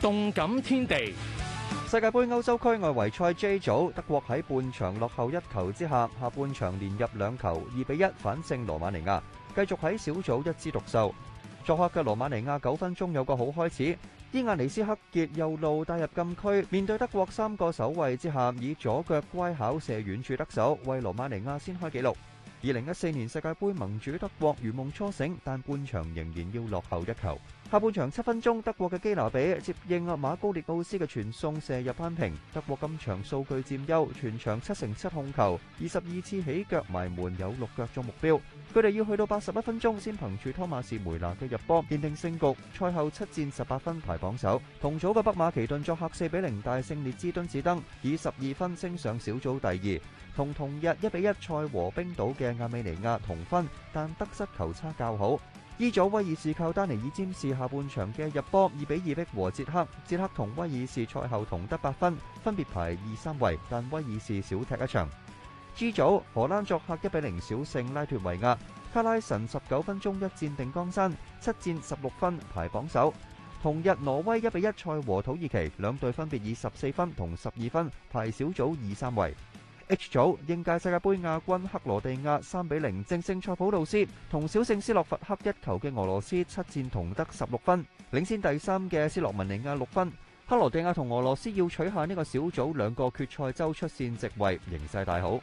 動感天地。世界盃歐洲區外圍賽 J 組，德國喺半場落後一球之下，下半場連入兩球，二比一反勝羅馬尼亞，繼續喺小組一枝獨秀。作客嘅羅馬尼亞九分鐘有個好開始，伊亞尼斯克傑右路帶入禁區，面對德國三個守衛之下，以左腳乖巧射遠處得手，為羅馬尼亞先開紀錄。二零一四年世界盃盟主德國如夢初醒，但半場仍然要落後一球。下半場七分鐘，德國嘅基拿比接應馬高列奧斯嘅傳送射入扳平。德國今場數據佔優，全場七成七控球，二十二次起腳埋門有六腳中目標。佢哋要去到八十一分鐘先憑住湯馬士梅拿嘅入波奠定勝局。賽後七戰十八分排榜首。同組嘅北馬其頓作客四比零大勝列支敦士登，以十二分升上小組第二。同同日一比一賽和冰島嘅。亞美尼亞同分，但得失球差較好。E 組威爾士靠丹尼爾占士下半場嘅入波二比二逼和捷克，捷克同威爾士賽後同得八分，分別排二三位，但威爾士少踢一場。G 組荷蘭作客一比零小勝拉脫維亞，卡拉神十九分鐘一戰定江山，七戰十六分排榜首。同日挪威一比一賽和土耳其，兩隊分別以十四分同十二分排小組二三位。H 組，應屆世界杯亞軍克羅地亞三比零正勝塞浦路斯，同小勝斯洛伐克一球嘅俄羅斯，七戰同得十六分，領先第三嘅斯洛文尼亞六分。克羅地亞同俄羅斯要取下呢個小組兩個決賽周出線席位，形勢大好。